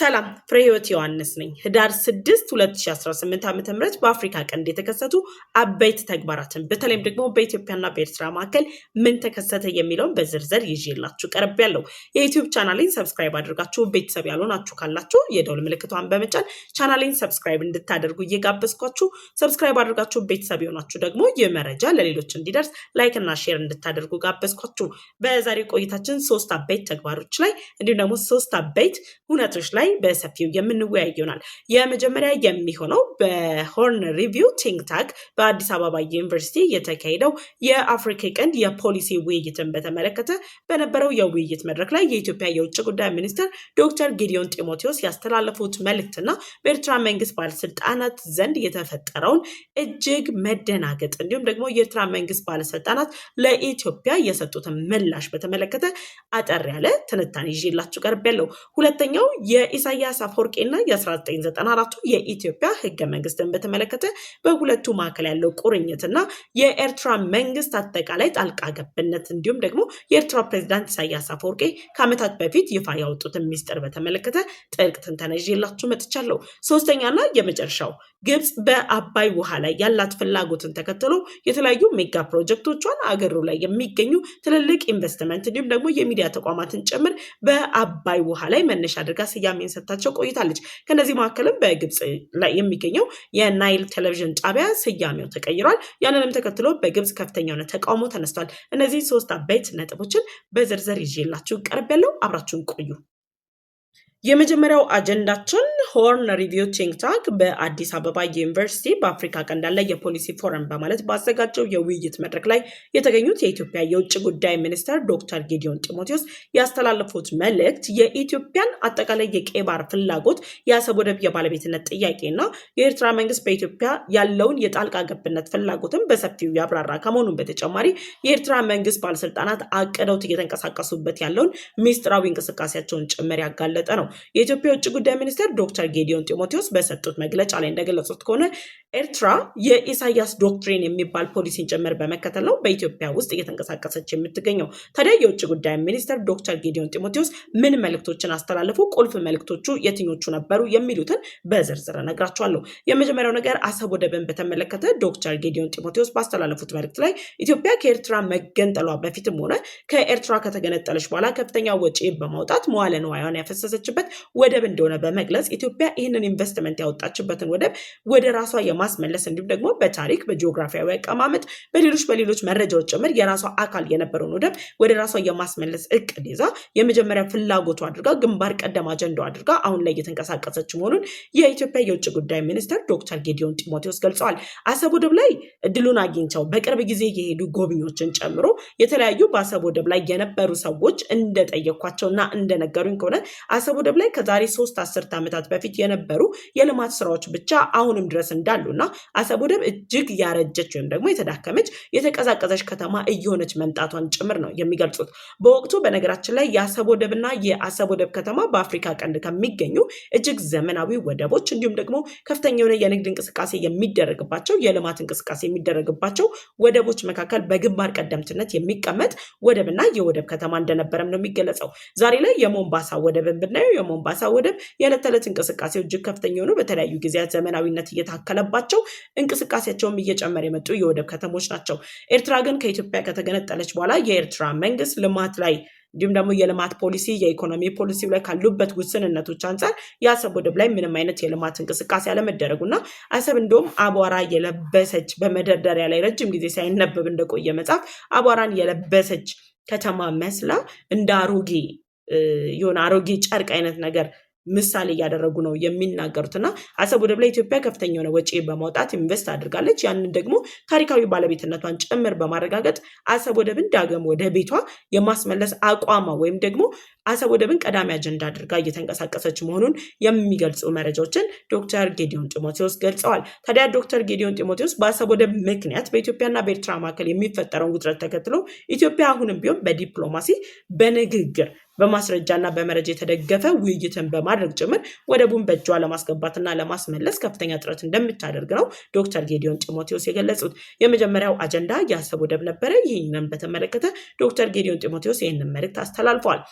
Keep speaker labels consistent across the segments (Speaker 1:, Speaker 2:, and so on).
Speaker 1: ሰላም ፍሬህይወት ህይወት ዮሐንስ ነኝ። ህዳር 6 2018 ዓ ም በአፍሪካ ቀንድ የተከሰቱ አበይት ተግባራትን በተለይም ደግሞ በኢትዮጵያና በኤርትራ መካከል ምን ተከሰተ የሚለውን በዝርዝር ይዤላችሁ ቀርብ ያለው የዩቲዩብ ቻናሌን ሰብስክራይብ አድርጋችሁ ቤተሰብ ያልሆናችሁ ካላችሁ የደውል ምልክቷን በመጫን ቻናሌን ሰብስክራይብ እንድታደርጉ እየጋበዝኳችሁ፣ ሰብስክራይብ አድርጋችሁ ቤተሰብ የሆናችሁ ደግሞ ይህ መረጃ ለሌሎች እንዲደርስ ላይክና ሼር እንድታደርጉ ጋበዝኳችሁ። በዛሬ ቆይታችን ሶስት አበይት ተግባሮች ላይ እንዲሁም ደግሞ ሶስት አበይት እውነቶች ላይ ላይ በሰፊው የምንወያይ ይሆናል። የመጀመሪያ የሚሆነው በሆርን ሪቪው ቲንክ ታንክ በአዲስ አበባ ዩኒቨርሲቲ የተካሄደው የአፍሪካ ቀንድ የፖሊሲ ውይይትን በተመለከተ በነበረው የውይይት መድረክ ላይ የኢትዮጵያ የውጭ ጉዳይ ሚኒስትር ዶክተር ጊዲዮን ጢሞቴዎስ ያስተላለፉት መልእክትና በኤርትራ መንግስት ባለስልጣናት ዘንድ የተፈጠረውን እጅግ መደናገጥ እንዲሁም ደግሞ የኤርትራ መንግስት ባለስልጣናት ለኢትዮጵያ የሰጡትን ምላሽ በተመለከተ አጠር ያለ ትንታኔ ይዤላችሁ ቀርቤያለሁ። ሁለተኛው ኢሳያስ አፈወርቄና የ1994ቱ የኢትዮጵያ ህገ መንግስትን በተመለከተ በሁለቱ መካከል ያለው ቁርኝትና የኤርትራ መንግስት አጠቃላይ ጣልቃ ገብነት እንዲሁም ደግሞ የኤርትራ ፕሬዚዳንት ኢሳያስ አፈወርቄ ከዓመታት በፊት ይፋ ያወጡትን ሚስጥር በተመለከተ ጥልቅ ትንተና ይዤላችሁ መጥቻለሁ። ሶስተኛና የመጨረሻው ግብጽ በአባይ ውሃ ላይ ያላት ፍላጎትን ተከትሎ የተለያዩ ሜጋ ፕሮጀክቶቿን አገሩ ላይ የሚገኙ ትልልቅ ኢንቨስትመንት እንዲሁም ደግሞ የሚዲያ ተቋማትን ጭምር በአባይ ውሃ ላይ መነሻ አድርጋ ስያሜን ሰጥታቸው ቆይታለች። ከነዚህ መካከልም በግብጽ ላይ የሚገኘው የናይል ቴሌቪዥን ጣቢያ ስያሜው ተቀይሯል። ያንንም ተከትሎ በግብጽ ከፍተኛ የሆነ ተቃውሞ ተነስቷል። እነዚህ ሶስት አበይት ነጥቦችን በዝርዝር ይዤላችሁ ቀርብ ያለው አብራችሁን ቆዩ። የመጀመሪያው አጀንዳችን ሆርን ሪቪው ቲንክ ታንክ በአዲስ አበባ ዩኒቨርሲቲ በአፍሪካ ቀንድ ላይ የፖሊሲ ፎረም በማለት ባዘጋጀው የውይይት መድረክ ላይ የተገኙት የኢትዮጵያ የውጭ ጉዳይ ሚኒስትር ዶክተር ጌዲዮን ጢሞቴዎስ ያስተላለፉት መልእክት የኢትዮጵያን አጠቃላይ የቀይ ባህር ፍላጎት፣ የአሰብ ወደብ የባለቤትነት ጥያቄና የኤርትራ መንግስት በኢትዮጵያ ያለውን የጣልቃ ገብነት ፍላጎትን በሰፊው ያብራራ ከመሆኑን በተጨማሪ የኤርትራ መንግስት ባለስልጣናት አቅደውት እየተንቀሳቀሱበት ያለውን ሚስጥራዊ እንቅስቃሴያቸውን ጭምር ያጋለጠ ነው። የኢትዮጵያ የውጭ ጉዳይ ሚኒስቴር ዶክተር ጌዲዮን ጢሞቴዎስ በሰጡት መግለጫ ላይ እንደገለጹት ከሆነ ኤርትራ የኢሳያስ ዶክትሪን የሚባል ፖሊሲን ጭምር በመከተል ነው በኢትዮጵያ ውስጥ እየተንቀሳቀሰች የምትገኘው። ታዲያ የውጭ ጉዳይ ሚኒስትር ዶክተር ጌዲዮን ጢሞቴዎስ ምን መልእክቶችን አስተላለፉ? ቁልፍ መልእክቶቹ የትኞቹ ነበሩ? የሚሉትን በዝርዝር እነግራቸዋለሁ። የመጀመሪያው ነገር አሰብ ወደብን በተመለከተ ዶክተር ጌዲዮን ጢሞቴዎስ ባስተላለፉት መልእክት ላይ ኢትዮጵያ ከኤርትራ መገንጠሏ በፊትም ሆነ ከኤርትራ ከተገነጠለች በኋላ ከፍተኛ ወጪ በማውጣት መዋለ ንዋያን ያፈሰሰችበት ወደብ እንደሆነ በመግለጽ ኢትዮጵያ ይህንን ኢንቨስትመንት ያወጣችበትን ወደብ ወደ ራሷ በማስመለስ እንዲሁም ደግሞ በታሪክ በጂኦግራፊያዊ አቀማመጥ በሌሎች በሌሎች መረጃዎች ጭምር የራሷ አካል የነበረውን ወደብ ወደ ራሷ የማስመለስ እቅድ ይዛ የመጀመሪያ ፍላጎቱ አድርጋ ግንባር ቀደም አጀንዳው አድርጋ አሁን ላይ እየተንቀሳቀሰች መሆኑን የኢትዮጵያ የውጭ ጉዳይ ሚኒስትር ዶክተር ጌዲዮን ጢሞቴዎስ ገልጸዋል። አሰብ ወደብ ላይ እድሉን አግኝተው በቅርብ ጊዜ የሄዱ ጎብኚዎችን ጨምሮ የተለያዩ በአሰብ ወደብ ላይ የነበሩ ሰዎች እንደጠየኳቸውና እንደነገሩኝ ከሆነ አሰብ ወደብ ላይ ከዛሬ ሶስት አስርት ዓመታት በፊት የነበሩ የልማት ስራዎች ብቻ አሁንም ድረስ እንዳሉ እና አሰብ ወደብ እጅግ ያረጀች ወይም ደግሞ የተዳከመች የተቀዛቀዘች ከተማ እየሆነች መምጣቷን ጭምር ነው የሚገልጹት። በወቅቱ በነገራችን ላይ የአሰብ ወደብና የአሰብ ወደብ ከተማ በአፍሪካ ቀንድ ከሚገኙ እጅግ ዘመናዊ ወደቦች እንዲሁም ደግሞ ከፍተኛ የሆነ የንግድ እንቅስቃሴ የሚደረግባቸው የልማት እንቅስቃሴ የሚደረግባቸው ወደቦች መካከል በግንባር ቀደምትነት የሚቀመጥ ወደብና የወደብ ከተማ እንደነበረም ነው የሚገለጸው። ዛሬ ላይ የሞምባሳ ወደብን ብናየው የሞምባሳ ወደብ የዕለት ተዕለት እንቅስቃሴው እጅግ ከፍተኛ የሆኑ በተለያዩ ጊዜያት ዘመናዊነት እየታከለባት እየተገነባባቸው እንቅስቃሴያቸውም እየጨመረ የመጡ የወደብ ከተሞች ናቸው። ኤርትራ ግን ከኢትዮጵያ ከተገነጠለች በኋላ የኤርትራ መንግስት ልማት ላይ እንዲሁም ደግሞ የልማት ፖሊሲ የኢኮኖሚ ፖሊሲ ላይ ካሉበት ውስንነቶች አንጻር የአሰብ ወደብ ላይ ምንም አይነት የልማት እንቅስቃሴ አለመደረጉ አለመደረጉና አሰብ እንዲሁም አቧራ የለበሰች በመደርደሪያ ላይ ረጅም ጊዜ ሳይነበብ እንደቆየ መጽሐፍ አቧራን የለበሰች ከተማ መስላ እንደ አሮጌ የሆነ አሮጌ ጨርቅ አይነት ነገር ምሳሌ እያደረጉ ነው የሚናገሩት እና አሰብ ወደብ ላይ ኢትዮጵያ ከፍተኛ የሆነ ወጪ በማውጣት ኢንቨስት አድርጋለች። ያንን ደግሞ ታሪካዊ ባለቤትነቷን ጭምር በማረጋገጥ አሰብ ወደብን ዳግም ወደ ቤቷ የማስመለስ አቋማ ወይም ደግሞ አሰብ ወደብን ቀዳሚ አጀንዳ አድርጋ እየተንቀሳቀሰች መሆኑን የሚገልጹ መረጃዎችን ዶክተር ጌዲዮን ጢሞቴዎስ ገልጸዋል። ታዲያ ዶክተር ጌዲዮን ጢሞቴዎስ በአሰብ ወደብ ምክንያት በኢትዮጵያና በኤርትራ መካከል የሚፈጠረውን ውጥረት ተከትሎ ኢትዮጵያ አሁንም ቢሆን በዲፕሎማሲ በንግግር በማስረጃና በመረጃ የተደገፈ ውይይትን በማድረግ ጭምር ወደቡን በእጇ ለማስገባትና ለማስመለስ ከፍተኛ ጥረት እንደምታደርግ ነው ዶክተር ጌዲዮን ጢሞቴዎስ የገለጹት። የመጀመሪያው አጀንዳ የአሰብ ወደብ ነበረ። ይህንን በተመለከተ ዶክተር ጌዲዮን ጢሞቴዎስ ይህንን መልእክት አስተላልፈዋል።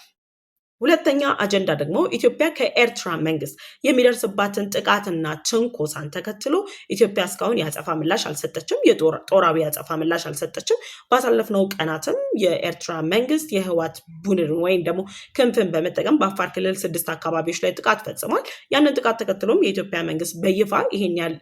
Speaker 1: ሁለተኛ አጀንዳ ደግሞ ኢትዮጵያ ከኤርትራ መንግስት የሚደርስባትን ጥቃትና ትንኮሳን ተከትሎ ኢትዮጵያ እስካሁን የአጸፋ ምላሽ አልሰጠችም፣ የጦራዊ የአጸፋ ምላሽ አልሰጠችም። ባሳለፍነው ቀናትም የኤርትራ መንግስት የህዋት ቡድን ወይም ደግሞ ክንፍን በመጠቀም በአፋር ክልል ስድስት አካባቢዎች ላይ ጥቃት ፈጽሟል። ያንን ጥቃት ተከትሎም የኢትዮጵያ መንግስት በይፋ ይሄን ያህል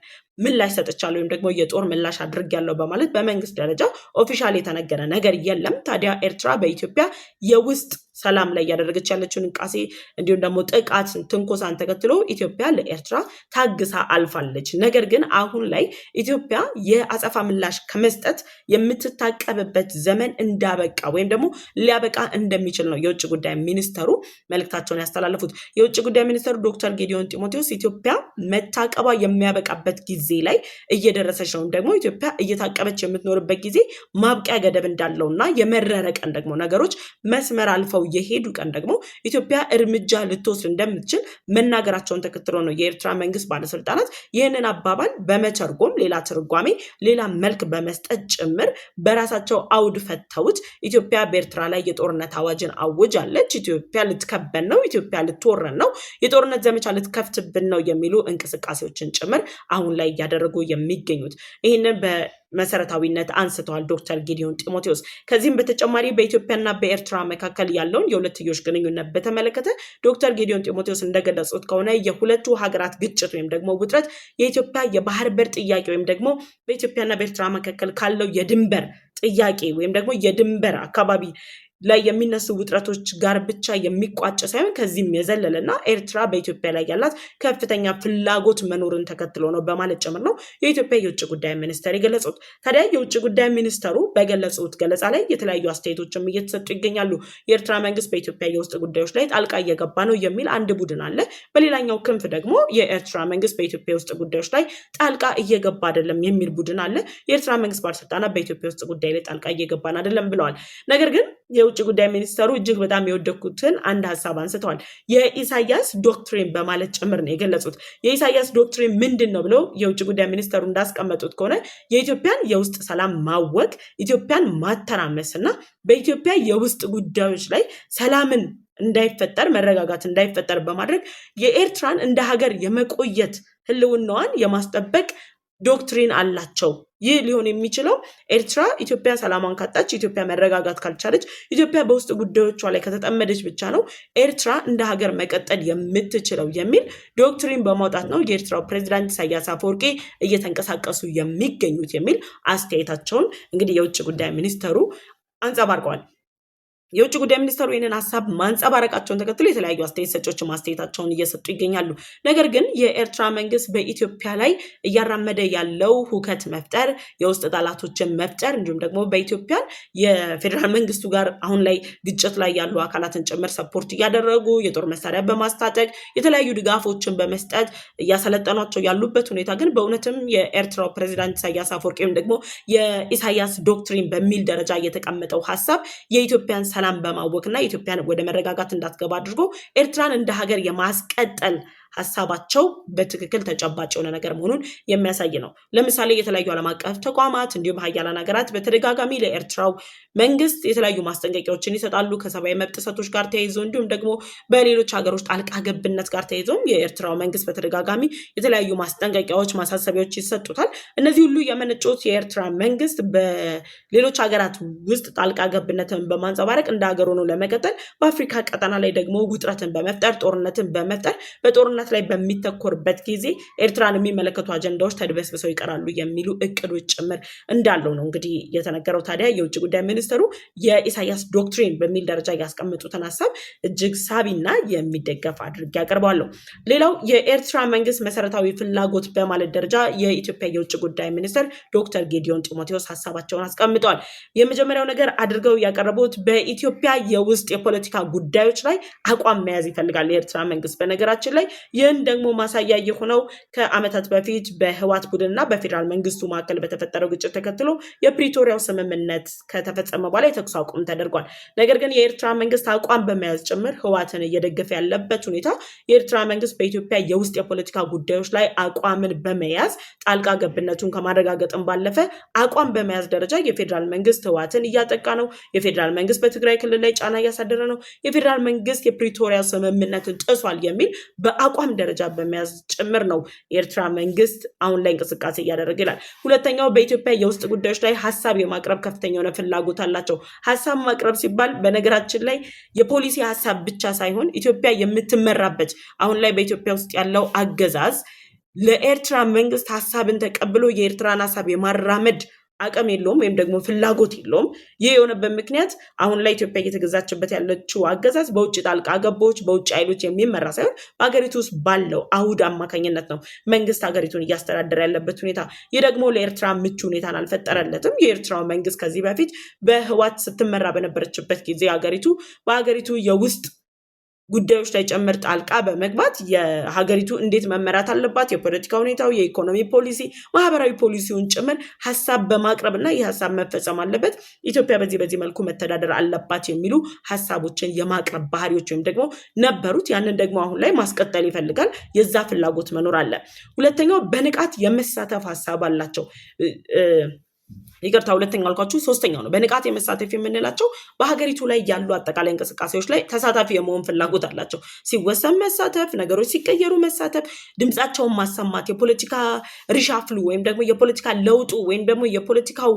Speaker 1: ምላሽ ሰጥቻለሁ ወይም ደግሞ የጦር ምላሽ ያለው በማለት በመንግስት ደረጃ ኦፊሻል የተነገረ ነገር የለም። ታዲያ ኤርትራ በኢትዮጵያ የውስጥ ሰላም ላይ እያደረገች ያለችውን እንቃሴ እንዲሁም ደግሞ ጥቃትን፣ ትንኮሳን ተከትሎ ኢትዮጵያ ለኤርትራ ታግሳ አልፋለች። ነገር ግን አሁን ላይ ኢትዮጵያ የአጸፋ ምላሽ ከመስጠት የምትታቀብበት ዘመን እንዳበቃ ወይም ደግሞ ሊያበቃ እንደሚችል ነው የውጭ ጉዳይ ሚኒስተሩ መልእክታቸውን ያስተላለፉት። የውጭ ጉዳይ ሚኒስተሩ ዶክተር ጌዲዮን ጢሞቴዎስ ኢትዮጵያ መታቀቧ የሚያበቃበት ጊዜ ጊዜ ላይ እየደረሰች ነው። ደግሞ ኢትዮጵያ እየታቀበች የምትኖርበት ጊዜ ማብቂያ ገደብ እንዳለው እና የመረረ ቀን ደግሞ ነገሮች መስመር አልፈው የሄዱ ቀን ደግሞ ኢትዮጵያ እርምጃ ልትወስድ እንደምትችል መናገራቸውን ተከትሎ ነው የኤርትራ መንግስት ባለስልጣናት ይህንን አባባል በመቸርጎም ሌላ ትርጓሜ፣ ሌላ መልክ በመስጠት ጭምር በራሳቸው አውድ ፈተውት ኢትዮጵያ በኤርትራ ላይ የጦርነት አዋጅን አውጃለች፣ ኢትዮጵያ ልትከበን ነው፣ ኢትዮጵያ ልትወረን ነው፣ የጦርነት ዘመቻ ልትከፍትብን ነው የሚሉ እንቅስቃሴዎችን ጭምር አሁን ላይ እያደረጉ የሚገኙት ይህንን በመሰረታዊነት አንስተዋል ዶክተር ጌዲዮን ጢሞቴዎስ። ከዚህም በተጨማሪ በኢትዮጵያና በኤርትራ መካከል ያለውን የሁለትዮሽ ግንኙነት በተመለከተ ዶክተር ጌዲዮን ጢሞቴዎስ እንደገለጹት ከሆነ የሁለቱ ሀገራት ግጭት ወይም ደግሞ ውጥረት የኢትዮጵያ የባህር በር ጥያቄ ወይም ደግሞ በኢትዮጵያና በኤርትራ መካከል ካለው የድንበር ጥያቄ ወይም ደግሞ የድንበር አካባቢ ላይ የሚነሱ ውጥረቶች ጋር ብቻ የሚቋጭ ሳይሆን ከዚህም የዘለለና ኤርትራ በኢትዮጵያ ላይ ያላት ከፍተኛ ፍላጎት መኖርን ተከትሎ ነው በማለት ጭምር ነው የኢትዮጵያ የውጭ ጉዳይ ሚኒስተር የገለጹት። ታዲያ የውጭ ጉዳይ ሚኒስተሩ በገለጹት ገለጻ ላይ የተለያዩ አስተያየቶችም እየተሰጡ ይገኛሉ። የኤርትራ መንግስት በኢትዮጵያ የውስጥ ጉዳዮች ላይ ጣልቃ እየገባ ነው የሚል አንድ ቡድን አለ። በሌላኛው ክንፍ ደግሞ የኤርትራ መንግስት በኢትዮጵያ የውስጥ ጉዳዮች ላይ ጣልቃ እየገባ አይደለም የሚል ቡድን አለ። የኤርትራ መንግስት ባለስልጣናት በኢትዮጵያ ውስጥ ጉዳይ ላይ ጣልቃ እየገባን አይደለም ብለዋል። ነገር ግን የውጭ ጉዳይ ሚኒስተሩ እጅግ በጣም የወደኩትን አንድ ሀሳብ አንስተዋል። የኢሳያስ ዶክትሪን በማለት ጭምር ነው የገለጹት። የኢሳያስ ዶክትሪን ምንድን ነው ብለው የውጭ ጉዳይ ሚኒስተሩ እንዳስቀመጡት ከሆነ የኢትዮጵያን የውስጥ ሰላም ማወቅ ኢትዮጵያን ማተራመስ እና በኢትዮጵያ የውስጥ ጉዳዮች ላይ ሰላምን እንዳይፈጠር መረጋጋት እንዳይፈጠር በማድረግ የኤርትራን እንደ ሀገር የመቆየት ህልውናዋን የማስጠበቅ ዶክትሪን አላቸው ይህ ሊሆን የሚችለው ኤርትራ ኢትዮጵያ ሰላሟን ካጣች፣ ኢትዮጵያ መረጋጋት ካልቻለች፣ ኢትዮጵያ በውስጥ ጉዳዮቿ ላይ ከተጠመደች ብቻ ነው ኤርትራ እንደ ሀገር መቀጠል የምትችለው የሚል ዶክትሪን በማውጣት ነው የኤርትራው ፕሬዚዳንት ኢሳያስ አፈወርቄ እየተንቀሳቀሱ የሚገኙት የሚል አስተያየታቸውን እንግዲህ የውጭ ጉዳይ ሚኒስተሩ አንጸባርቀዋል። የውጭ ጉዳይ ሚኒስተሩ ይህንን ሀሳብ ማንጸባረቃቸውን ተከትሎ የተለያዩ አስተያየት ሰጮች ማስተያየታቸውን እየሰጡ ይገኛሉ። ነገር ግን የኤርትራ መንግስት በኢትዮጵያ ላይ እያራመደ ያለው ሁከት መፍጠር፣ የውስጥ ጠላቶችን መፍጠር እንዲሁም ደግሞ በኢትዮጵያ የፌዴራል መንግስቱ ጋር አሁን ላይ ግጭት ላይ ያሉ አካላትን ጭምር ሰፖርት እያደረጉ የጦር መሳሪያ በማስታጠቅ የተለያዩ ድጋፎችን በመስጠት እያሰለጠኗቸው ያሉበት ሁኔታ ግን በእውነትም የኤርትራው ፕሬዚዳንት ኢሳያስ አፈወርቂ ወይም ደግሞ የኢሳያስ ዶክትሪን በሚል ደረጃ የተቀመጠው ሀሳብ የኢትዮጵያን ሰላም በማወክና ኢትዮጵያን ወደ መረጋጋት እንዳትገባ አድርጎ ኤርትራን እንደ ሀገር የማስቀጠል ሀሳባቸው በትክክል ተጨባጭ የሆነ ነገር መሆኑን የሚያሳይ ነው። ለምሳሌ የተለያዩ ዓለም አቀፍ ተቋማት እንዲሁም ሀያላን ሀገራት በተደጋጋሚ ለኤርትራው መንግስት የተለያዩ ማስጠንቀቂያዎችን ይሰጣሉ። ከሰብአዊ መብት ጥሰቶች ጋር ተያይዞ እንዲሁም ደግሞ በሌሎች ሀገሮች ጣልቃ ገብነት ጋር ተያይዞም የኤርትራው መንግስት በተደጋጋሚ የተለያዩ ማስጠንቀቂያዎች፣ ማሳሰቢያዎች ይሰጡታል። እነዚህ ሁሉ የመነጩት የኤርትራ መንግስት በሌሎች ሀገራት ውስጥ ጣልቃ ገብነትን በማንጸባረቅ እንደ ሀገር ሆኖ ለመቀጠል በአፍሪካ ቀጠና ላይ ደግሞ ውጥረትን በመፍጠር ጦርነትን በመፍጠር በጦርነት ጥናት ላይ በሚተኮርበት ጊዜ ኤርትራን የሚመለከቱ አጀንዳዎች ተድበስብሰው ይቀራሉ የሚሉ እቅዶች ጭምር እንዳለው ነው እንግዲህ የተነገረው። ታዲያ የውጭ ጉዳይ ሚኒስትሩ የኢሳያስ ዶክትሪን በሚል ደረጃ ያስቀመጡትን ሀሳብ እጅግ ሳቢና የሚደገፍ አድርጌ ያቀርባለሁ። ሌላው የኤርትራ መንግስት መሰረታዊ ፍላጎት በማለት ደረጃ የኢትዮጵያ የውጭ ጉዳይ ሚኒስትር ዶክተር ጌዲዮን ጢሞቴዎስ ሀሳባቸውን አስቀምጠዋል። የመጀመሪያው ነገር አድርገው ያቀረቡት በኢትዮጵያ የውስጥ የፖለቲካ ጉዳዮች ላይ አቋም መያዝ ይፈልጋል የኤርትራ መንግስት። በነገራችን ላይ ይህን ደግሞ ማሳያ የሆነው ከዓመታት በፊት በህዋት እና በፌዴራል መንግስቱ መካከል በተፈጠረው ግጭት ተከትሎ የፕሪቶሪያው ስምምነት ከተፈጸመ በኋላ የተኩስ አቁም ተደርጓል። ነገር ግን የኤርትራ መንግስት አቋም በመያዝ ጭምር ህዋትን እየደገፈ ያለበት ሁኔታ የኤርትራ መንግስት በኢትዮጵያ የውስጥ የፖለቲካ ጉዳዮች ላይ አቋምን በመያዝ ጣልቃ ገብነቱን ከማረጋገጥን ባለፈ አቋም በመያዝ ደረጃ የፌዴራል መንግስት ህዋትን እያጠቃ ነው። የፌዴራል መንግስት በትግራይ ክልል ላይ ጫና እያሳደረ ነው። የፌዴራል መንግስት የፕሪቶሪያ ስምምነትን ጥሷል የሚል በአቋ በአቋም ደረጃ በመያዝ ጭምር ነው የኤርትራ መንግስት አሁን ላይ እንቅስቃሴ እያደረገ ይላል። ሁለተኛው በኢትዮጵያ የውስጥ ጉዳዮች ላይ ሀሳብ የማቅረብ ከፍተኛ የሆነ ፍላጎት አላቸው። ሀሳብ ማቅረብ ሲባል በነገራችን ላይ የፖሊሲ ሀሳብ ብቻ ሳይሆን ኢትዮጵያ የምትመራበት አሁን ላይ በኢትዮጵያ ውስጥ ያለው አገዛዝ ለኤርትራ መንግስት ሀሳብን ተቀብሎ የኤርትራን ሀሳብ የማራመድ አቅም የለውም ወይም ደግሞ ፍላጎት የለውም። ይህ የሆነበት ምክንያት አሁን ላይ ኢትዮጵያ እየተገዛችበት ያለችው አገዛዝ በውጭ ጣልቃ ገቦች፣ በውጭ ኃይሎች የሚመራ ሳይሆን በሀገሪቱ ውስጥ ባለው አውድ አማካኝነት ነው መንግስት ሀገሪቱን እያስተዳደረ ያለበት ሁኔታ። ይህ ደግሞ ለኤርትራ ምቹ ሁኔታን አልፈጠረለትም። የኤርትራው መንግስት ከዚህ በፊት በህዋት ስትመራ በነበረችበት ጊዜ ሀገሪቱ በሀገሪቱ የውስጥ ጉዳዮች ላይ ጭምር ጣልቃ በመግባት የሀገሪቱ እንዴት መመራት አለባት፣ የፖለቲካ ሁኔታው፣ የኢኮኖሚ ፖሊሲ፣ ማህበራዊ ፖሊሲውን ጭምር ሀሳብ በማቅረብ እና ይህ ሀሳብ መፈጸም አለበት፣ ኢትዮጵያ በዚህ በዚህ መልኩ መተዳደር አለባት የሚሉ ሀሳቦችን የማቅረብ ባህሪዎች ወይም ደግሞ ነበሩት። ያንን ደግሞ አሁን ላይ ማስቀጠል ይፈልጋል። የዛ ፍላጎት መኖር አለ። ሁለተኛው በንቃት የመሳተፍ ሀሳብ አላቸው። ይቅርታ ሁለተኛ አልኳችሁ፣ ሶስተኛው ነው በንቃት የመሳተፍ የምንላቸው በሀገሪቱ ላይ ያሉ አጠቃላይ እንቅስቃሴዎች ላይ ተሳታፊ የመሆን ፍላጎት አላቸው። ሲወሰን መሳተፍ፣ ነገሮች ሲቀየሩ መሳተፍ፣ ድምፃቸውን ማሰማት፣ የፖለቲካ ሪሻፍሉ ወይም ደግሞ የፖለቲካ ለውጡ ወይም ደግሞ የፖለቲካው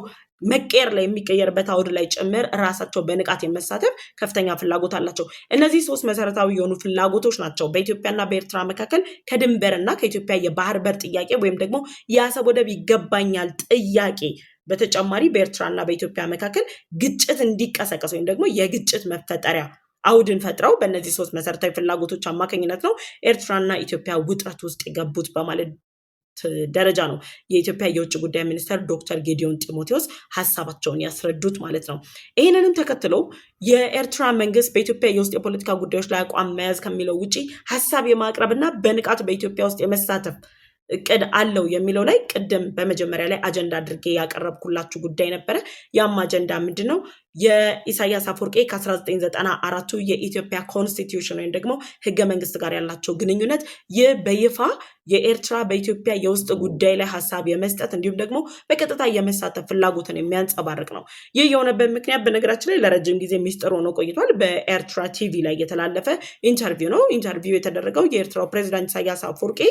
Speaker 1: መቀየር ላይ የሚቀየርበት አውድ ላይ ጭምር ራሳቸው በንቃት የመሳተፍ ከፍተኛ ፍላጎት አላቸው። እነዚህ ሶስት መሰረታዊ የሆኑ ፍላጎቶች ናቸው በኢትዮጵያና በኤርትራ መካከል ከድንበርና ከኢትዮጵያ የባህር በር ጥያቄ ወይም ደግሞ የአሰብ ወደብ ይገባኛል ጥያቄ በተጨማሪ በኤርትራና በኢትዮጵያ መካከል ግጭት እንዲቀሰቀስ ወይም ደግሞ የግጭት መፈጠሪያ አውድን ፈጥረው በእነዚህ ሶስት መሰረታዊ ፍላጎቶች አማካኝነት ነው ኤርትራና ኢትዮጵያ ውጥረት ውስጥ የገቡት በማለት ደረጃ ነው የኢትዮጵያ የውጭ ጉዳይ ሚኒስትር ዶክተር ጌዲዮን ጢሞቴዎስ ሀሳባቸውን ያስረዱት ማለት ነው። ይህንንም ተከትሎ የኤርትራ መንግስት በኢትዮጵያ የውስጥ የፖለቲካ ጉዳዮች ላይ አቋም መያዝ ከሚለው ውጪ ሀሳብ የማቅረብ እና በንቃት በኢትዮጵያ ውስጥ የመሳተፍ እቅድ አለው የሚለው ላይ ቅድም በመጀመሪያ ላይ አጀንዳ አድርጌ ያቀረብኩላችሁ ጉዳይ ነበረ። ያም አጀንዳ ምንድን ነው? የኢሳያስ አፈወርቄ ከ1994ቱ የኢትዮጵያ ኮንስቲትዩሽን ወይም ደግሞ ህገ መንግስት ጋር ያላቸው ግንኙነት ይህ በይፋ የኤርትራ በኢትዮጵያ የውስጥ ጉዳይ ላይ ሀሳብ የመስጠት እንዲሁም ደግሞ በቀጥታ የመሳተፍ ፍላጎትን የሚያንጸባርቅ ነው። ይህ የሆነበት ምክንያት በነገራችን ላይ ለረጅም ጊዜ ሚስጥር ሆኖ ቆይቷል። በኤርትራ ቲቪ ላይ የተላለፈ ኢንተርቪው ነው። ኢንተርቪው የተደረገው የኤርትራው ፕሬዚዳንት ኢሳያስ አፈወርቄ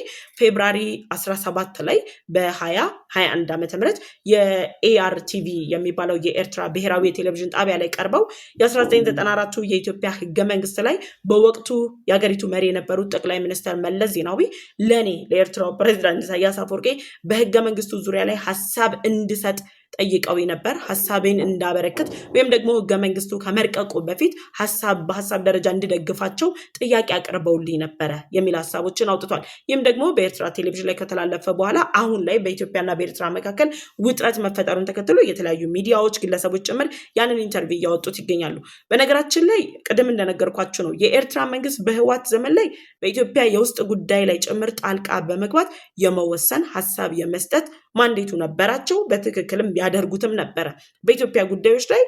Speaker 1: ፌብራሪ 17 ላይ በ2021 ዓ ም የኤአር ቲቪ የሚባለው የኤርትራ ብሔራዊ የቴሌቪዥን ቴሌቪዥን ጣቢያ ላይ ቀርበው የ1994ቱ የኢትዮጵያ ህገ መንግስት ላይ በወቅቱ የሀገሪቱ መሪ የነበሩት ጠቅላይ ሚኒስትር መለስ ዜናዊ ለእኔ ለኤርትራው ፕሬዚዳንት ኢሳያስ አፈወርቄ በህገ መንግስቱ ዙሪያ ላይ ሀሳብ እንድሰጥ ጠይቀው ነበር። ሀሳቤን እንዳበረክት ወይም ደግሞ ህገ መንግስቱ ከመርቀቁ በፊት ሀሳብ በሀሳብ ደረጃ እንድደግፋቸው ጥያቄ አቅርበውልኝ ነበረ የሚል ሀሳቦችን አውጥቷል። ይህም ደግሞ በኤርትራ ቴሌቪዥን ላይ ከተላለፈ በኋላ አሁን ላይ በኢትዮጵያና በኤርትራ መካከል ውጥረት መፈጠሩን ተከትሎ የተለያዩ ሚዲያዎች፣ ግለሰቦች ጭምር ያንን ኢንተርቪው እያወጡት ይገኛሉ። በነገራችን ላይ ቅድም እንደነገርኳችሁ ነው የኤርትራ መንግስት በህዋት ዘመን ላይ በኢትዮጵያ የውስጥ ጉዳይ ላይ ጭምር ጣልቃ በመግባት የመወሰን ሀሳብ የመስጠት ማንዴቱ ነበራቸው በትክክልም ያደርጉትም ነበረ። በኢትዮጵያ ጉዳዮች ላይ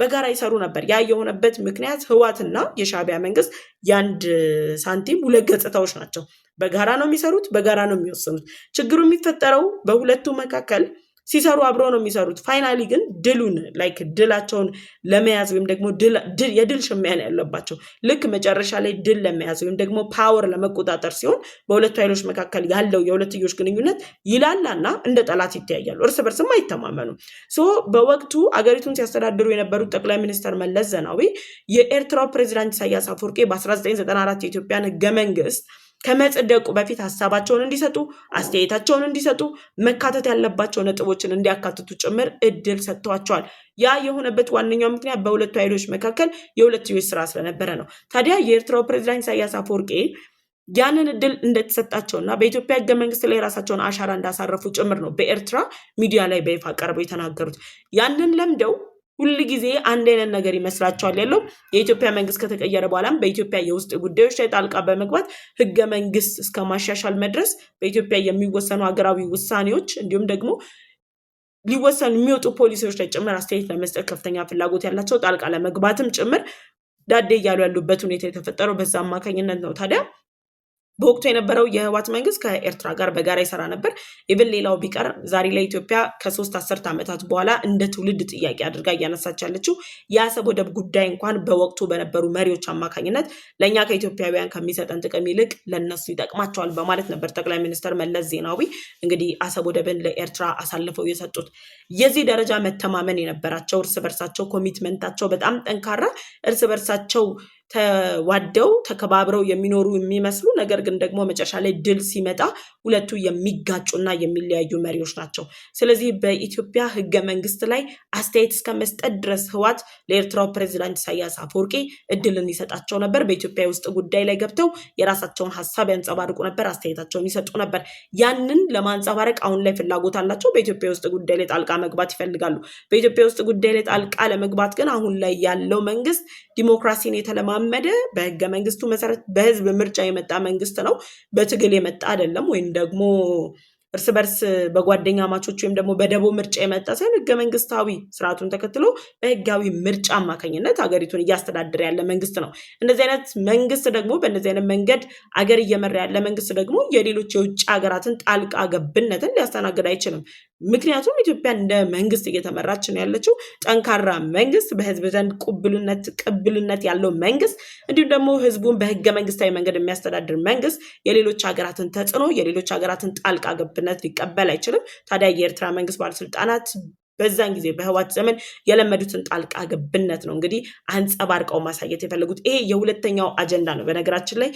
Speaker 1: በጋራ ይሰሩ ነበር። ያ የሆነበት ምክንያት ህዋትና የሻቢያ መንግስት የአንድ ሳንቲም ሁለት ገጽታዎች ናቸው። በጋራ ነው የሚሰሩት፣ በጋራ ነው የሚወስኑት። ችግሩ የሚፈጠረው በሁለቱ መካከል ሲሰሩ አብረው ነው የሚሰሩት። ፋይናሊ ግን ድሉን ላይክ ድላቸውን ለመያዝ ወይም ደግሞ የድል ሽሚያን ያለባቸው ልክ መጨረሻ ላይ ድል ለመያዝ ወይም ደግሞ ፓወር ለመቆጣጠር ሲሆን በሁለቱ ኃይሎች መካከል ያለው የሁለትዮሽ ግንኙነት ይላላና እንደ ጠላት ይተያያሉ። እርስ በርስም አይተማመኑም። ሶ በወቅቱ አገሪቱን ሲያስተዳድሩ የነበሩት ጠቅላይ ሚኒስተር መለስ ዘናዊ የኤርትራው ፕሬዚዳንት ኢሳያስ አፈወርቄ በ1994 የኢትዮጵያን ህገ መንግስት ከመጽደቁ በፊት ሀሳባቸውን እንዲሰጡ አስተያየታቸውን እንዲሰጡ መካተት ያለባቸው ነጥቦችን እንዲያካትቱ ጭምር እድል ሰጥተዋቸዋል። ያ የሆነበት ዋነኛው ምክንያት በሁለቱ ኃይሎች መካከል የሁለትዮሽ ስራ ስለነበረ ነው። ታዲያ የኤርትራው ፕሬዚዳንት ኢሳያስ አፈወርቄ ያንን እድል እንደተሰጣቸውና በኢትዮጵያ ህገ መንግስት ላይ የራሳቸውን አሻራ እንዳሳረፉ ጭምር ነው በኤርትራ ሚዲያ ላይ በይፋ ቀርበው የተናገሩት። ያንን ለምደው ሁል ጊዜ አንድ አይነት ነገር ይመስላቸዋል ያለው። የኢትዮጵያ መንግስት ከተቀየረ በኋላም በኢትዮጵያ የውስጥ ጉዳዮች ላይ ጣልቃ በመግባት ህገ መንግስት እስከ ማሻሻል መድረስ በኢትዮጵያ የሚወሰኑ ሀገራዊ ውሳኔዎች እንዲሁም ደግሞ ሊወሰኑ የሚወጡ ፖሊሲዎች ላይ ጭምር አስተያየት ለመስጠት ከፍተኛ ፍላጎት ያላቸው ጣልቃ ለመግባትም ጭምር ዳዴ እያሉ ያሉበት ሁኔታ የተፈጠረው በዛ አማካኝነት ነው ታዲያ በወቅቱ የነበረው የህዋት መንግስት ከኤርትራ ጋር በጋራ ይሰራ ነበር። ኢብን ሌላው ቢቀር ዛሬ ላይ ኢትዮጵያ ከሶስት አስርት ዓመታት በኋላ እንደ ትውልድ ጥያቄ አድርጋ እያነሳች ያለችው የአሰብ ወደብ ጉዳይ እንኳን በወቅቱ በነበሩ መሪዎች አማካኝነት ለእኛ ከኢትዮጵያውያን ከሚሰጠን ጥቅም ይልቅ ለነሱ ይጠቅማቸዋል በማለት ነበር ጠቅላይ ሚኒስትር መለስ ዜናዊ እንግዲህ አሰብ ወደብን ለኤርትራ አሳልፈው የሰጡት። የዚህ ደረጃ መተማመን የነበራቸው እርስ በርሳቸው ኮሚትመንታቸው በጣም ጠንካራ እርስ በርሳቸው ተዋደው ተከባብረው የሚኖሩ የሚመስሉ ነገር ግን ደግሞ መጨረሻ ላይ ድል ሲመጣ ሁለቱ የሚጋጩና የሚለያዩ መሪዎች ናቸው። ስለዚህ በኢትዮጵያ ሕገ መንግስት ላይ አስተያየት እስከ መስጠት ድረስ ህዋት ለኤርትራው ፕሬዚዳንት ኢሳያስ አፈወርቂ እድልን ይሰጣቸው ነበር። በኢትዮጵያ ውስጥ ጉዳይ ላይ ገብተው የራሳቸውን ሀሳብ ያንጸባርቁ ነበር፣ አስተያየታቸውን ይሰጡ ነበር። ያንን ለማንጸባረቅ አሁን ላይ ፍላጎት አላቸው። በኢትዮጵያ ውስጥ ጉዳይ ላይ ጣልቃ መግባት ይፈልጋሉ። በኢትዮጵያ ውስጥ ጉዳይ ላይ ጣልቃ ለመግባት ግን አሁን ላይ ያለው መንግስት ዲሞክራሲን የተለማ የተለማመደ በህገ መንግስቱ መሰረት በህዝብ ምርጫ የመጣ መንግስት ነው። በትግል የመጣ አይደለም። ወይም ደግሞ እርስ በርስ በጓደኛ ማቾች ወይም ደግሞ በደቦ ምርጫ የመጣ ሳይሆን ህገ መንግስታዊ ስርዓቱን ተከትሎ በህጋዊ ምርጫ አማካኝነት ሀገሪቱን እያስተዳደረ ያለ መንግስት ነው። እንደዚህ አይነት መንግስት ደግሞ በእንደዚህ አይነት መንገድ አገር እየመራ ያለ መንግስት ደግሞ የሌሎች የውጭ ሀገራትን ጣልቃ ገብነትን ሊያስተናግድ አይችልም። ምክንያቱም ኢትዮጵያ እንደ መንግስት እየተመራች ነው ያለችው። ጠንካራ መንግስት፣ በህዝብ ዘንድ ቁብልነት ቅብልነት ያለው መንግስት፣ እንዲሁም ደግሞ ህዝቡን በህገ መንግስታዊ መንገድ የሚያስተዳድር መንግስት የሌሎች ሀገራትን ተጽዕኖ፣ የሌሎች ሀገራትን ጣልቃ ገብነት ሊቀበል አይችልም። ታዲያ የኤርትራ መንግስት ባለስልጣናት በዛን ጊዜ በህዋት ዘመን የለመዱትን ጣልቃ ገብነት ነው እንግዲህ አንጸባርቀው ማሳየት የፈለጉት። ይሄ የሁለተኛው አጀንዳ ነው በነገራችን ላይ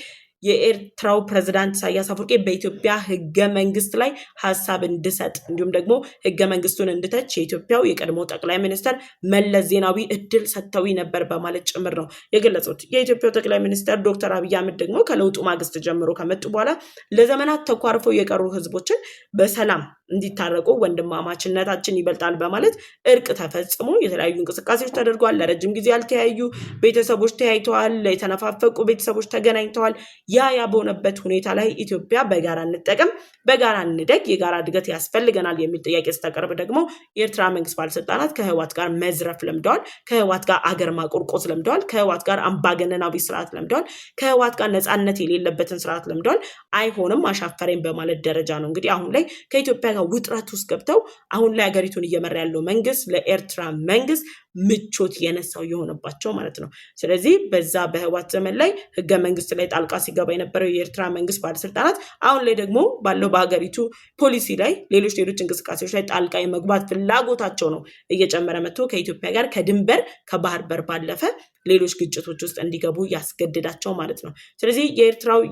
Speaker 1: የኤርትራው ፕሬዝዳንት ኢሳያስ አፈወርቄ በኢትዮጵያ ህገ መንግስት ላይ ሀሳብ እንድሰጥ እንዲሁም ደግሞ ህገ መንግስቱን እንድተች የኢትዮጵያው የቀድሞ ጠቅላይ ሚኒስተር መለስ ዜናዊ እድል ሰጥተው ነበር በማለት ጭምር ነው የገለጹት። የኢትዮጵያው ጠቅላይ ሚኒስተር ዶክተር አብይ አህመድ ደግሞ ከለውጡ ማግስት ጀምሮ ከመጡ በኋላ ለዘመናት ተኳርፈው የቀሩ ህዝቦችን በሰላም እንዲታረቁ ወንድማማችነታችን ይበልጣል በማለት እርቅ ተፈጽሞ የተለያዩ እንቅስቃሴዎች ተደርጓል። ለረጅም ጊዜ ያልተያዩ ቤተሰቦች ተያይተዋል። የተነፋፈቁ ቤተሰቦች ተገናኝተዋል። ያ ያ በሆነበት ሁኔታ ላይ ኢትዮጵያ በጋራ እንጠቀም፣ በጋራ እንደግ፣ የጋራ እድገት ያስፈልገናል የሚል ጥያቄ ስታቀርብ ደግሞ የኤርትራ መንግስት ባለስልጣናት ከህዋት ጋር መዝረፍ ለምደዋል። ከህዋት ጋር አገር ማቆርቆዝ ለምደዋል። ከህዋት ጋር አምባገነናዊ ስርዓት ለምደዋል። ከህዋት ጋር ነፃነት የሌለበትን ስርዓት ለምደዋል። አይሆንም፣ አሻፈረኝ በማለት ደረጃ ነው እንግዲህ አሁን ላይ ከኢትዮጵያ ፍለጋ ውጥረት ውስጥ ገብተው አሁን ላይ ሀገሪቱን እየመራ ያለው መንግስት ለኤርትራ መንግስት ምቾት የነሳው የሆነባቸው ማለት ነው። ስለዚህ በዛ በህዋት ዘመን ላይ ህገ መንግስት ላይ ጣልቃ ሲገባ የነበረው የኤርትራ መንግስት ባለስልጣናት አሁን ላይ ደግሞ ባለው በሀገሪቱ ፖሊሲ ላይ ሌሎች ሌሎች እንቅስቃሴዎች ላይ ጣልቃ የመግባት ፍላጎታቸው ነው እየጨመረ መጥቶ ከኢትዮጵያ ጋር ከድንበር ከባህር በር ባለፈ ሌሎች ግጭቶች ውስጥ እንዲገቡ ያስገድዳቸው ማለት ነው። ስለዚህ የኤርትራው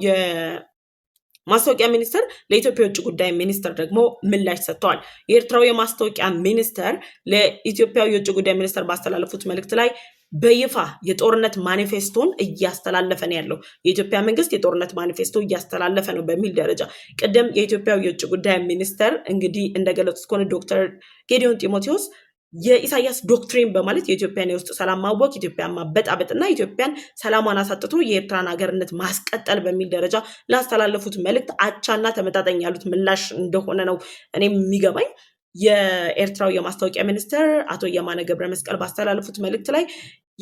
Speaker 1: ማስታወቂያ ሚኒስትር ለኢትዮጵያ የውጭ ጉዳይ ሚኒስትር ደግሞ ምላሽ ሰጥተዋል። የኤርትራው የማስታወቂያ ሚኒስትር ለኢትዮጵያ የውጭ ጉዳይ ሚኒስትር ባስተላለፉት መልእክት ላይ በይፋ የጦርነት ማኒፌስቶን እያስተላለፈ ነው ያለው የኢትዮጵያ መንግስት የጦርነት ማኒፌስቶ እያስተላለፈ ነው በሚል ደረጃ ቅድም የኢትዮጵያ የውጭ ጉዳይ ሚኒስትር እንግዲህ እንደገለጹት ከሆነ ዶክተር ጌዲዮን ጢሞቴዎስ የኢሳያስ ዶክትሪን በማለት የኢትዮጵያን የውስጥ ሰላም ማወቅ፣ ኢትዮጵያን እና ኢትዮጵያን ሰላሟን አሳጥቶ የኤርትራን ሀገርነት ማስቀጠል በሚል ደረጃ ላስተላለፉት መልእክት አቻና ተመጣጣኝ ያሉት ምላሽ እንደሆነ ነው እኔም የሚገባኝ። የኤርትራው የማስታወቂያ ሚኒስትር አቶ የማነ ገብረ መስቀል ባስተላለፉት መልእክት ላይ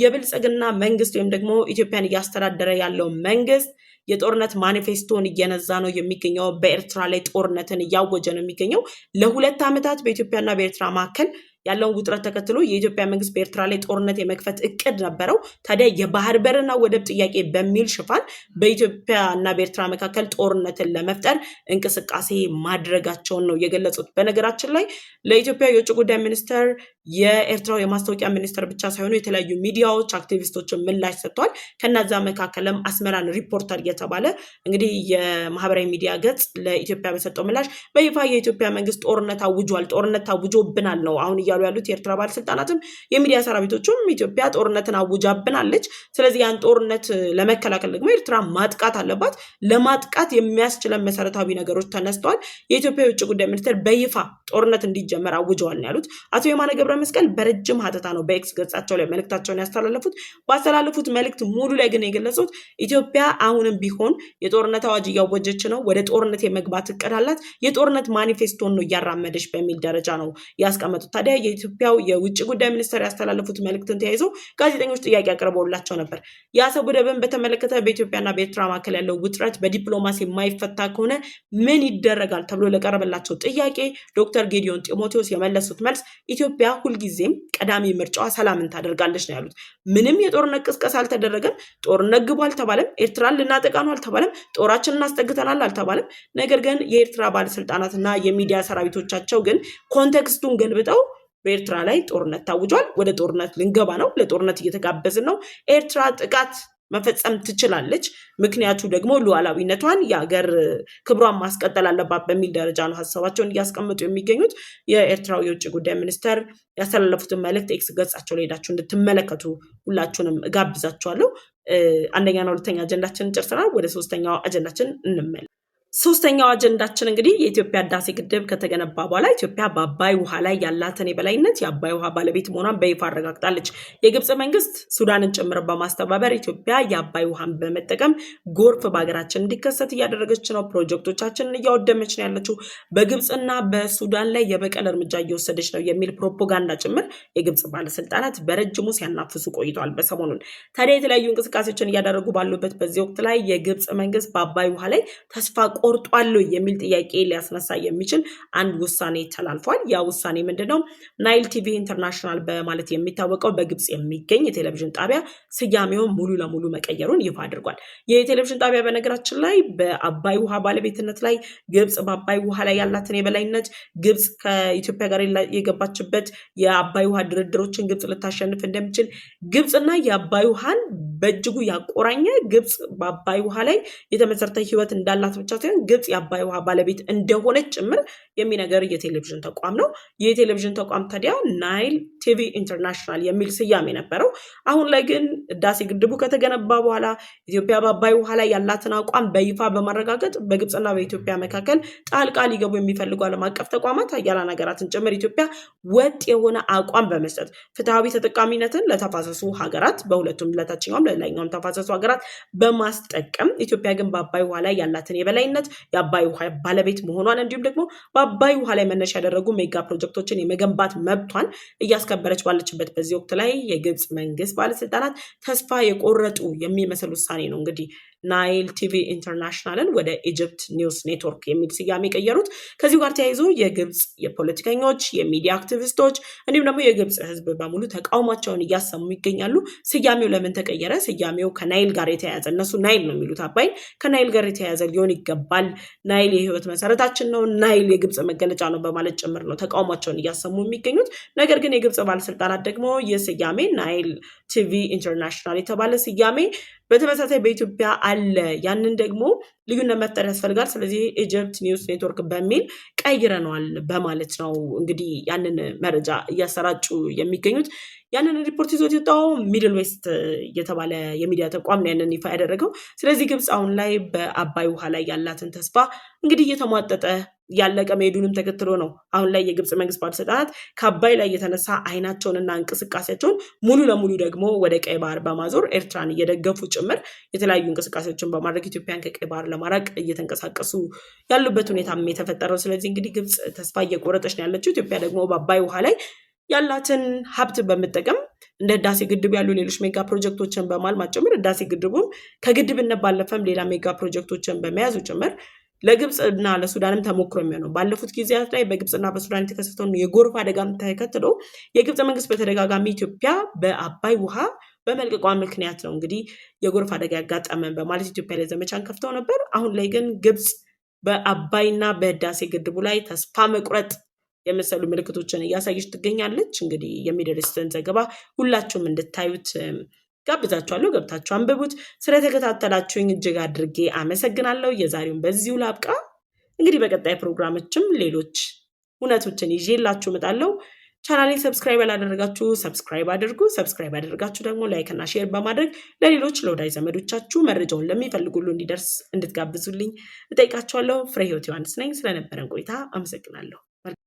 Speaker 1: የብልጽግና መንግስት ወይም ደግሞ ኢትዮጵያን እያስተዳደረ ያለው መንግስት የጦርነት ማኒፌስቶን እየነዛ ነው የሚገኘው። በኤርትራ ላይ ጦርነትን እያወጀ ነው የሚገኘው። ለሁለት ዓመታት በኢትዮጵያና በኤርትራ መካከል ያለውን ውጥረት ተከትሎ የኢትዮጵያ መንግስት በኤርትራ ላይ ጦርነት የመክፈት እቅድ ነበረው። ታዲያ የባህር በርና ወደብ ጥያቄ በሚል ሽፋን በኢትዮጵያ እና በኤርትራ መካከል ጦርነትን ለመፍጠር እንቅስቃሴ ማድረጋቸውን ነው የገለጹት። በነገራችን ላይ ለኢትዮጵያ የውጭ ጉዳይ ሚኒስትር የኤርትራው የማስታወቂያ ሚኒስትር ብቻ ሳይሆኑ የተለያዩ ሚዲያዎች፣ አክቲቪስቶችን ምላሽ ሰጥተዋል። ከነዛ መካከልም አስመራን ሪፖርተር የተባለ እንግዲህ የማህበራዊ ሚዲያ ገጽ ለኢትዮጵያ በሰጠው ምላሽ በይፋ የኢትዮጵያ መንግስት ጦርነት አውጇል፣ ጦርነት አውጆብናል ነው አሁን እያሉ ያሉት የኤርትራ ባለስልጣናትም የሚዲያ ሰራዊቶቹም ኢትዮጵያ ጦርነትን አውጃብናለች። ስለዚህ ያን ጦርነት ለመከላከል ደግሞ ኤርትራ ማጥቃት አለባት። ለማጥቃት የሚያስችለን መሰረታዊ ነገሮች ተነስተዋል። የኢትዮጵያ የውጭ ጉዳይ ሚኒስትር በይፋ ጦርነት እንዲጀመር አውጀዋል ነው ያሉት። አቶ የማነ ገብረ መስቀል በረጅም ሀተታ ነው በኤክስ ገጻቸው ላይ መልእክታቸውን ያስተላለፉት። ባስተላለፉት መልእክት ሙሉ ላይ ግን የገለጹት ኢትዮጵያ አሁንም ቢሆን የጦርነት አዋጅ እያወጀች ነው፣ ወደ ጦርነት የመግባት እቅድ አላት፣ የጦርነት ማኒፌስቶን ነው እያራመደች በሚል ደረጃ ነው ያስቀመጡት ታዲያ የኢትዮጵያው የውጭ ጉዳይ ሚኒስቴር ያስተላለፉት መልእክትን ተያይዞ ጋዜጠኞች ጥያቄ አቅርበውላቸው ነበር። የአሰብ ወደብን በተመለከተ በኢትዮጵያና በኤርትራ መካከል ያለው ውጥረት በዲፕሎማሲ የማይፈታ ከሆነ ምን ይደረጋል ተብሎ ለቀረበላቸው ጥያቄ ዶክተር ጌዲዮን ጢሞቴዎስ የመለሱት መልስ ኢትዮጵያ ሁልጊዜም ቀዳሚ ምርጫዋ ሰላምን ታደርጋለች ነው ያሉት። ምንም የጦርነት ቅስቀሳ አልተደረገም። ጦርነት ግቡ አልተባለም። ኤርትራን ልናጠቃ ነው አልተባለም። ጦራችን እናስጠግተናል አልተባለም። ነገር ግን የኤርትራ ባለስልጣናትና የሚዲያ ሰራዊቶቻቸው ግን ኮንቴክስቱን ገልብጠው በኤርትራ ላይ ጦርነት ታውጇል። ወደ ጦርነት ልንገባ ነው። ለጦርነት እየተጋበዝን ነው። ኤርትራ ጥቃት መፈጸም ትችላለች። ምክንያቱ ደግሞ ሉዓላዊነቷን የሀገር ክብሯን ማስቀጠል አለባት በሚል ደረጃ ነው ሀሳባቸውን እያስቀመጡ የሚገኙት። የኤርትራው የውጭ ጉዳይ ሚኒስተር ያስተላለፉትን መልእክት ኤክስ ገጻቸው ላይ ሄዳችሁ እንድትመለከቱ ሁላችሁንም እጋብዛችኋለሁ። አንደኛና ሁለተኛ አጀንዳችንን ጨርሰናል። ወደ ሶስተኛው አጀንዳችን እንመለስ። ሶስተኛው አጀንዳችን እንግዲህ የኢትዮጵያ ህዳሴ ግድብ ከተገነባ በኋላ ኢትዮጵያ በአባይ ውሃ ላይ ያላትን የበላይነት የአባይ ውሃ ባለቤት መሆኗን በይፋ አረጋግጣለች። የግብፅ መንግስት ሱዳንን ጭምር በማስተባበር ኢትዮጵያ የአባይ ውሃን በመጠቀም ጎርፍ በሀገራችን እንዲከሰት እያደረገች ነው፣ ፕሮጀክቶቻችንን እያወደመች ነው ያለችው፣ በግብፅና በሱዳን ላይ የበቀል እርምጃ እየወሰደች ነው የሚል ፕሮፓጋንዳ ጭምር የግብፅ ባለስልጣናት በረጅሙ ሲያናፍሱ ቆይተዋል። በሰሞኑን ታዲያ የተለያዩ እንቅስቃሴዎችን እያደረጉ ባሉበት በዚህ ወቅት ላይ የግብፅ መንግስት በአባይ ውሃ ላይ ተስፋ ቆርጧሉ የሚል ጥያቄ ሊያስነሳ የሚችል አንድ ውሳኔ ተላልፏል። ያ ውሳኔ ምንድነው ናይል ቲቪ ኢንተርናሽናል በማለት የሚታወቀው በግብፅ የሚገኝ የቴሌቪዥን ጣቢያ ስያሜውን ሙሉ ለሙሉ መቀየሩን ይፋ አድርጓል። ይህ የቴሌቪዥን ጣቢያ በነገራችን ላይ በአባይ ውሃ ባለቤትነት ላይ ግብፅ በአባይ ውሃ ላይ ያላትን የበላይነት ግብፅ ከኢትዮጵያ ጋር የገባችበት የአባይ ውሃ ድርድሮችን ግብፅ ልታሸንፍ እንደሚችል ግብፅና የአባይ ውሃን በእጅጉ ያቆራኘ ግብፅ በአባይ ውሃ ላይ የተመሰረተ ህይወት እንዳላት ብቻ ሀገራችን ግብፅ የአባይ ውሃ ባለቤት እንደሆነች ጭምር የሚነገር የቴሌቪዥን ተቋም ነው። ይህ የቴሌቪዥን ተቋም ታዲያ ናይል ቲቪ ኢንተርናሽናል የሚል ስያሜ ነበረው። አሁን ላይ ግን ህዳሴ ግድቡ ከተገነባ በኋላ ኢትዮጵያ በአባይ ውሃ ላይ ያላትን አቋም በይፋ በማረጋገጥ በግብፅና በኢትዮጵያ መካከል ጣልቃ ሊገቡ የሚፈልጉ ዓለም አቀፍ ተቋማት፣ ሀያላን ሀገራትን ጭምር ኢትዮጵያ ወጥ የሆነ አቋም በመስጠት ፍትሐዊ ተጠቃሚነትን ለተፋሰሱ ሀገራት በሁለቱም ለታችኛውም ለላይኛውም ተፋሰሱ ሀገራት በማስጠቀም ኢትዮጵያ ግን በአባይ ውሃ ላይ ያላትን የበላይነት በማለት የአባይ ውሃ ባለቤት መሆኗን እንዲሁም ደግሞ በአባይ ውሃ ላይ መነሻ ያደረጉ ሜጋ ፕሮጀክቶችን የመገንባት መብቷን እያስከበረች ባለችበት በዚህ ወቅት ላይ የግብፅ መንግስት ባለስልጣናት ተስፋ የቆረጡ የሚመስል ውሳኔ ነው እንግዲህ ናይል ቲቪ ኢንተርናሽናልን ወደ ኢጅፕት ኒውስ ኔትወርክ የሚል ስያሜ የቀየሩት ከዚሁ ጋር ተያይዞ የግብፅ የፖለቲከኞች፣ የሚዲያ አክቲቪስቶች እንዲሁም ደግሞ የግብፅ ህዝብ በሙሉ ተቃውሟቸውን እያሰሙ ይገኛሉ። ስያሜው ለምን ተቀየረ? ስያሜው ከናይል ጋር የተያያዘ እነሱ ናይል ነው የሚሉት አባይን ከናይል ጋር የተያያዘ ሊሆን ይገባል። ናይል የህይወት መሰረታችን ነው፣ ናይል የግብፅ መገለጫ ነው በማለት ጭምር ነው ተቃውሟቸውን እያሰሙ የሚገኙት። ነገር ግን የግብፅ ባለስልጣናት ደግሞ ይህ ስያሜ ናይል ቲቪ ኢንተርናሽናል የተባለ ስያሜ በተመሳሳይ በኢትዮጵያ አለ። ያንን ደግሞ ልዩነት መፍጠር ያስፈልጋል። ስለዚህ ኢጅፕት ኒውስ ኔትወርክ በሚል ቀይረነዋል በማለት ነው እንግዲህ ያንን መረጃ እያሰራጩ የሚገኙት። ያንን ሪፖርት ይዞት የወጣው ሚድል ዌስት የተባለ የሚዲያ ተቋም ነው ያንን ይፋ ያደረገው። ስለዚህ ግብፅ አሁን ላይ በአባይ ውሃ ላይ ያላትን ተስፋ እንግዲህ እየተሟጠጠ ያለቀ መሄዱንም ተከትሎ ነው አሁን ላይ የግብፅ መንግስት ባለስልጣናት ከአባይ ላይ የተነሳ አይናቸውንና እንቅስቃሴያቸውን ሙሉ ለሙሉ ደግሞ ወደ ቀይ ባህር በማዞር ኤርትራን እየደገፉ ጭምር የተለያዩ እንቅስቃሴዎችን በማድረግ ኢትዮጵያን ከቀይ ባህር ለማራቅ እየተንቀሳቀሱ ያሉበት ሁኔታም የተፈጠረው። ስለዚህ እንግዲህ ግብፅ ተስፋ እየቆረጠች ነው ያለችው። ኢትዮጵያ ደግሞ በአባይ ውሃ ላይ ያላትን ሀብት በመጠቀም እንደ ህዳሴ ግድብ ያሉ ሌሎች ሜጋ ፕሮጀክቶችን በማልማት ጭምር ህዳሴ ግድቡም ከግድብነት ባለፈም ሌላ ሜጋ ፕሮጀክቶችን በመያዙ ጭምር እና ለሱዳንም ተሞክሮ የሚሆነው ባለፉት ጊዜያት ላይ በግብፅና በሱዳን የተከሰተውን የጎርፍ አደጋም ተከትሎ የግብፅ መንግስት በተደጋጋሚ ኢትዮጵያ በአባይ ውሃ በመልቀቋ ምክንያት ነው እንግዲህ የጎርፍ አደጋ ያጋጠመን በማለት ኢትዮጵያ ላይ ዘመቻን ከፍተው ነበር። አሁን ላይ ግን ግብፅ በአባይና በህዳሴ ግድቡ ላይ ተስፋ መቁረጥ የመሰሉ ምልክቶችን እያሳየች ትገኛለች። እንግዲህ የሚደርስትን ዘገባ ሁላችሁም እንድታዩት ጋብዛችኋለሁ። ገብታችሁ አንብቡት። ስለተከታተላችሁኝ እጅግ አድርጌ አመሰግናለሁ። የዛሬውን በዚሁ ላብቃ። እንግዲህ በቀጣይ ፕሮግራሞችም ሌሎች እውነቶችን ይዤላችሁ እመጣለሁ። ቻናሌን ሰብስክራይብ ያላደረጋችሁ ሰብስክራይብ አድርጉ። ሰብስክራይብ ያደረጋችሁ ደግሞ ላይክና ሼር በማድረግ ለሌሎች ለወዳጅ ዘመዶቻችሁ መረጃውን ለሚፈልጉሉ እንዲደርስ እንድትጋብዙልኝ እጠይቃችኋለሁ። ፍሬ ህይወት ዮሐንስ ነኝ። ስለነበረን ቆይታ አመሰግናለሁ።